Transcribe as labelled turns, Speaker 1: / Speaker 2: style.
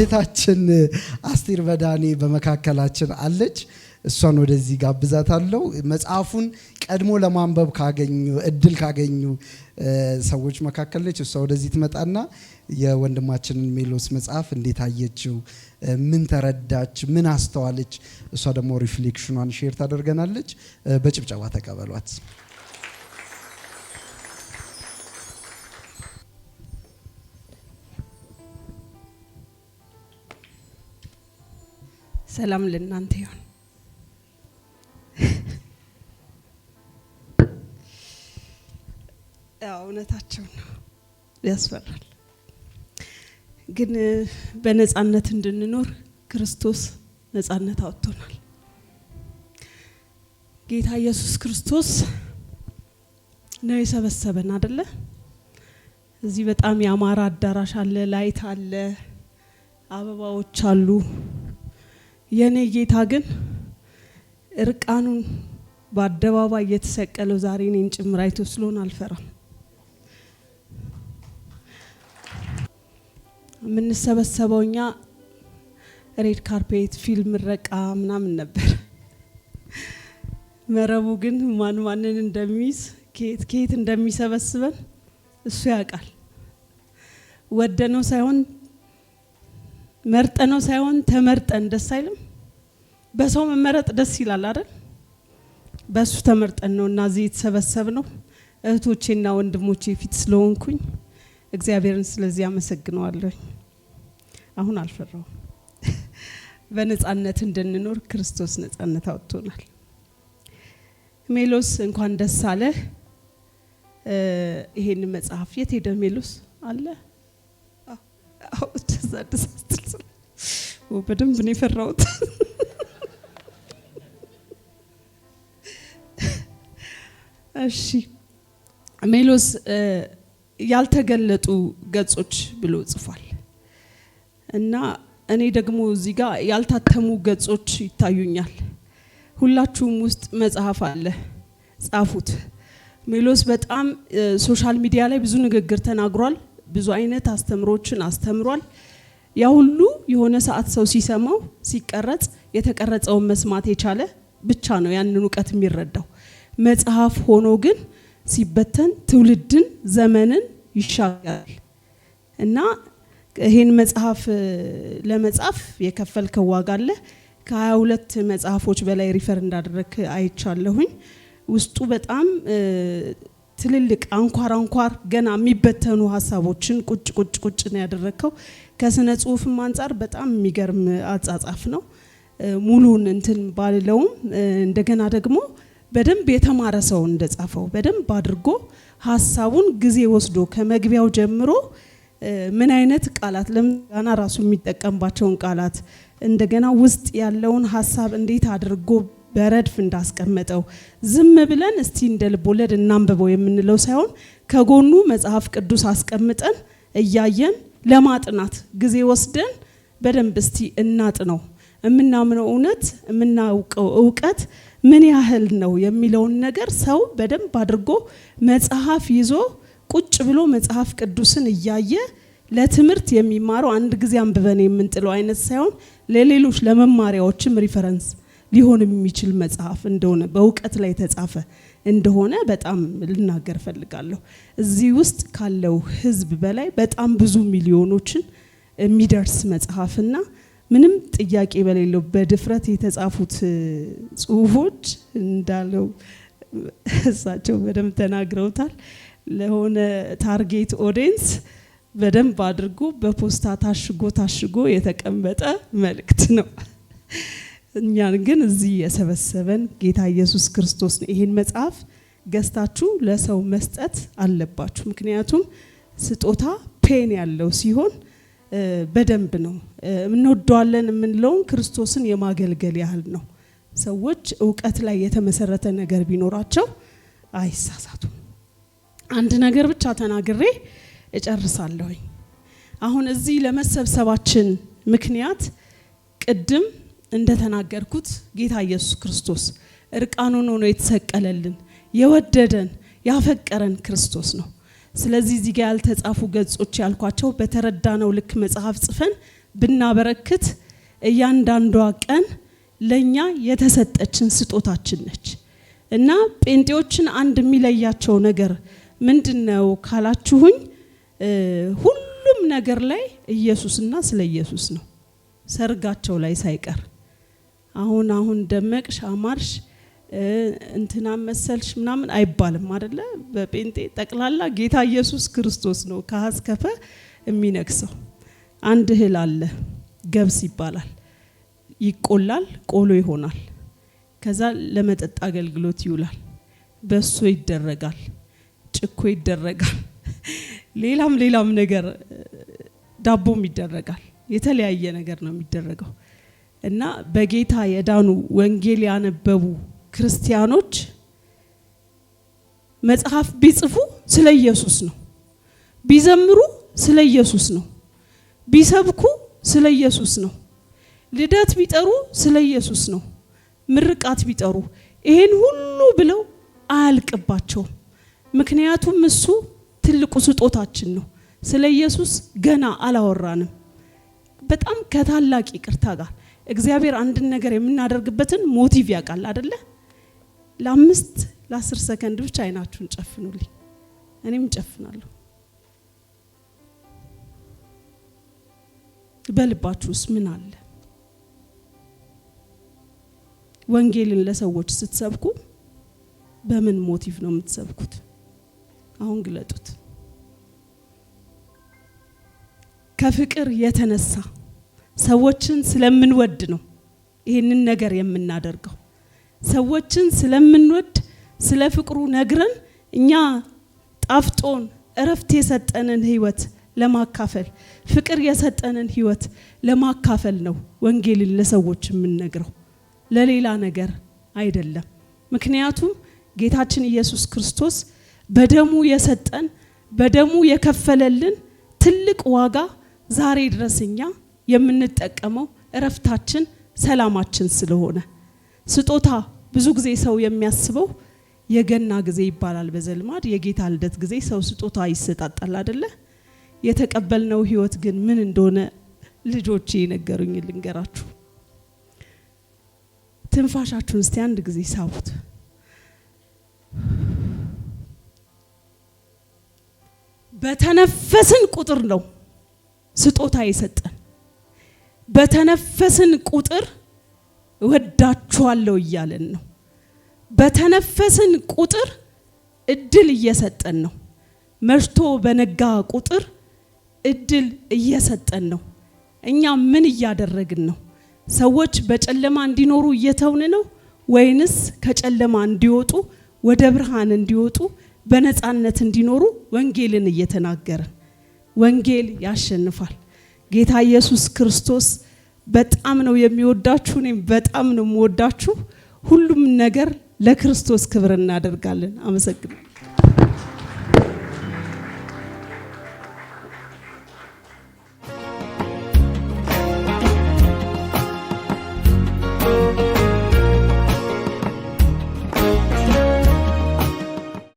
Speaker 1: እህታችን አስቴር መድኃኔ በመካከላችን አለች። እሷን ወደዚህ አለው። መጽሐፉን ቀድሞ ለማንበብ ካገኙ እድል ካገኙ ሰዎች መካከል ነች። እሷ ወደዚህ ትመጣና የወንድማችንን ሜሎስ መጽሐፍ እንዴት አየችው? ምን ተረዳች? ምን አስተዋለች? እሷ ደግሞ ሪፍሌክሽኗን ሼር ታደርገናለች። በጭብጨባ ተቀበሏት።
Speaker 2: ሰላም ለእናንተ ይሁን። እውነታቸው ነው፣ ያስፈራል። ግን በነፃነት እንድንኖር ክርስቶስ ነፃነት አውጥቶናል። ጌታ ኢየሱስ ክርስቶስ ነው የሰበሰበን አደለ? እዚህ በጣም የአማራ አዳራሽ አለ፣ ላይት አለ፣ አበባዎች አሉ። የእኔ ጌታ ግን እርቃኑን በአደባባይ የተሰቀለው ዛሬ እኔን ጭምር አይቶ ስለሆን አልፈራም። የምንሰበሰበው እኛ ሬድ ካርፔት ፊልም ረቃ ምናምን ነበር። መረቡ ግን ማን ማንን እንደሚይዝ ከየት ከየት እንደሚሰበስበን እሱ ያውቃል። ወደነው ሳይሆን መርጠ ነው ሳይሆን ተመርጠን ደስ አይልም። በሰው መመረጥ ደስ ይላል አይደል? በእሱ ተመርጠን ነው እና እዚህ የተሰበሰብ ነው። እህቶቼና ወንድሞቼ ፊት ስለሆንኩኝ እግዚአብሔርን ስለዚህ አመሰግነዋለሁ። አሁን አልፈራውም። በነጻነት እንድንኖር ክርስቶስ ነጻነት አውጥቶናል። ሜሎስ እንኳን ደስ አለ። ይሄን መጽሐፍ የት ሄደ ሜሎስ አለ በደንብ ነው የፈራሁት። እሺ ሜሎስ ያልተገለጡ ገጾች ብሎ ጽፏል እና እኔ ደግሞ እዚህ ጋር ያልታተሙ ገጾች ይታዩኛል። ሁላችሁም ውስጥ መጽሐፍ አለ፣ ጻፉት። ሜሎስ በጣም ሶሻል ሚዲያ ላይ ብዙ ንግግር ተናግሯል። ብዙ አይነት አስተምሮችን አስተምሯል። ያ ሁሉ የሆነ ሰዓት ሰው ሲሰማው ሲቀረጽ የተቀረጸውን መስማት የቻለ ብቻ ነው ያንን እውቀት የሚረዳው። መጽሐፍ ሆኖ ግን ሲበተን ትውልድን ዘመንን ይሻጋል እና ይህን መጽሐፍ ለመጻፍ የከፈልከው ዋጋ አለ። ከሀያ ሁለት መጽሐፎች በላይ ሪፈር እንዳደረግ አይቻለሁኝ። ውስጡ በጣም ትልልቅ አንኳር አንኳር ገና የሚበተኑ ሀሳቦችን ቁጭ ቁጭ ቁጭ ነው ያደረግከው። ከስነ ጽሁፍም አንጻር በጣም የሚገርም አጻጻፍ ነው። ሙሉን እንትን ባልለውም እንደገና ደግሞ በደንብ የተማረ ሰው እንደጻፈው በደንብ አድርጎ ሀሳቡን ጊዜ ወስዶ ከመግቢያው ጀምሮ ምን አይነት ቃላት ለምስጋና ራሱ የሚጠቀምባቸውን ቃላት እንደገና ውስጥ ያለውን ሀሳብ እንዴት አድርጎ በረድፍ እንዳስቀመጠው ዝም ብለን እስቲ እንደ ልቦለድ እናንብበው የምንለው ሳይሆን ከጎኑ መጽሐፍ ቅዱስ አስቀምጠን እያየን ለማጥናት ጊዜ ወስደን በደንብ እስቲ እናጥ ነው የምናምነው እውነት የምናውቀው እውቀት ምን ያህል ነው የሚለውን ነገር ሰው በደንብ አድርጎ መጽሐፍ ይዞ ቁጭ ብሎ መጽሐፍ ቅዱስን እያየ ለትምህርት የሚማረው አንድ ጊዜ አንብበን የምንጥለው አይነት ሳይሆን ለሌሎች ለመማሪያዎችም ሪፈረንስ ሊሆን የሚችል መጽሐፍ እንደሆነ በእውቀት ላይ የተጻፈ እንደሆነ በጣም ልናገር ፈልጋለሁ። እዚህ ውስጥ ካለው ህዝብ በላይ በጣም ብዙ ሚሊዮኖችን የሚደርስ መጽሐፍና ምንም ጥያቄ በሌለው በድፍረት የተጻፉት ጽሁፎች እንዳለው እሳቸው በደንብ ተናግረውታል። ለሆነ ታርጌት ኦዲየንስ በደንብ አድርጎ በፖስታ ታሽጎ ታሽጎ የተቀመጠ መልእክት ነው። እኛን ግን እዚህ የሰበሰበን ጌታ ኢየሱስ ክርስቶስ ነው። ይሄን መጽሐፍ ገዝታችሁ ለሰው መስጠት አለባችሁ። ምክንያቱም ስጦታ ፔን ያለው ሲሆን በደንብ ነው እንወደዋለን የምንለውን ክርስቶስን የማገልገል ያህል ነው። ሰዎች እውቀት ላይ የተመሰረተ ነገር ቢኖራቸው አይሳሳቱም። አንድ ነገር ብቻ ተናግሬ እጨርሳለሁኝ። አሁን እዚህ ለመሰብሰባችን ምክንያት ቅድም እንደተናገርኩት ጌታ ኢየሱስ ክርስቶስ እርቃኑን ሆኖ የተሰቀለልን የወደደን ያፈቀረን ክርስቶስ ነው። ስለዚህ እዚህ ጋር ያልተጻፉ ገጾች ያልኳቸው በተረዳነው ልክ መጽሐፍ ጽፈን ብናበረክት እያንዳንዷ ቀን ለእኛ የተሰጠችን ስጦታችን ነች እና ጴንጤዎችን አንድ የሚለያቸው ነገር ምንድን ነው ካላችሁኝ፣ ሁሉም ነገር ላይ ኢየሱስና ስለ ኢየሱስ ነው። ሰርጋቸው ላይ ሳይቀር አሁን አሁን ደመቅሽ፣ አማርሽ፣ እንትና መሰልሽ ምናምን አይባልም አደለ? በጴንጤ ጠቅላላ ጌታ ኢየሱስ ክርስቶስ ነው ከሀስከፈ የሚነግሰው። አንድ እህል አለ፣ ገብስ ይባላል። ይቆላል፣ ቆሎ ይሆናል። ከዛ ለመጠጥ አገልግሎት ይውላል። በሶ ይደረጋል፣ ጭኮ ይደረጋል፣ ሌላም ሌላም ነገር ዳቦም ይደረጋል። የተለያየ ነገር ነው የሚደረገው። እና በጌታ የዳኑ ወንጌል ያነበቡ ክርስቲያኖች መጽሐፍ ቢጽፉ ስለ ኢየሱስ ነው፣ ቢዘምሩ ስለ ኢየሱስ ነው፣ ቢሰብኩ ስለ ኢየሱስ ነው፣ ልደት ቢጠሩ ስለ ኢየሱስ ነው፣ ምርቃት ቢጠሩ ይሄን ሁሉ ብለው አያልቅባቸውም። ምክንያቱም እሱ ትልቁ ስጦታችን ነው። ስለ ኢየሱስ ገና አላወራንም። በጣም ከታላቅ ይቅርታ ጋር እግዚአብሔር አንድን ነገር የምናደርግበትን ሞቲቭ ያውቃል አደለ? ለአምስት ለአስር ሰከንድ ብቻ አይናችሁን ጨፍኑልኝ። እኔም እጨፍናለሁ። በልባችሁስ ምን አለ? ወንጌልን ለሰዎች ስትሰብኩ በምን ሞቲቭ ነው የምትሰብኩት? አሁን ግለጡት። ከፍቅር የተነሳ ሰዎችን ስለምንወድ ነው ይህንን ነገር የምናደርገው። ሰዎችን ስለምንወድ ስለ ፍቅሩ ነግረን እኛ ጣፍጦን እረፍት የሰጠንን ህይወት ለማካፈል ፍቅር የሰጠንን ህይወት ለማካፈል ነው ወንጌልን ለሰዎች የምንነግረው ለሌላ ነገር አይደለም። ምክንያቱም ጌታችን ኢየሱስ ክርስቶስ በደሙ የሰጠን በደሙ የከፈለልን ትልቅ ዋጋ ዛሬ ድረስ እኛ የምንጠቀመው እረፍታችን ሰላማችን ስለሆነ ስጦታ ብዙ ጊዜ ሰው የሚያስበው የገና ጊዜ ይባላል በዘልማድ የጌታ ልደት ጊዜ ሰው ስጦታ ይሰጣጣል አደለ የተቀበልነው ህይወት ግን ምን እንደሆነ ልጆች የነገሩኝ ልንገራችሁ ትንፋሻችሁን እስቲ አንድ ጊዜ ሳቡት በተነፈስን ቁጥር ነው ስጦታ የሰጠን በተነፈስን ቁጥር እወዳችኋለሁ እያለን ነው። በተነፈስን ቁጥር እድል እየሰጠን ነው። መሽቶ በነጋ ቁጥር እድል እየሰጠን ነው። እኛ ምን እያደረግን ነው? ሰዎች በጨለማ እንዲኖሩ እየተውን ነው ወይንስ ከጨለማ እንዲወጡ ወደ ብርሃን እንዲወጡ በነፃነት እንዲኖሩ ወንጌልን እየተናገረን ወንጌል ያሸንፋል። ጌታ ኢየሱስ ክርስቶስ በጣም ነው የሚወዳችሁ። እኔም በጣም ነው የምወዳችሁ። ሁሉም ነገር ለክርስቶስ ክብር እናደርጋለን። አመሰግናለሁ።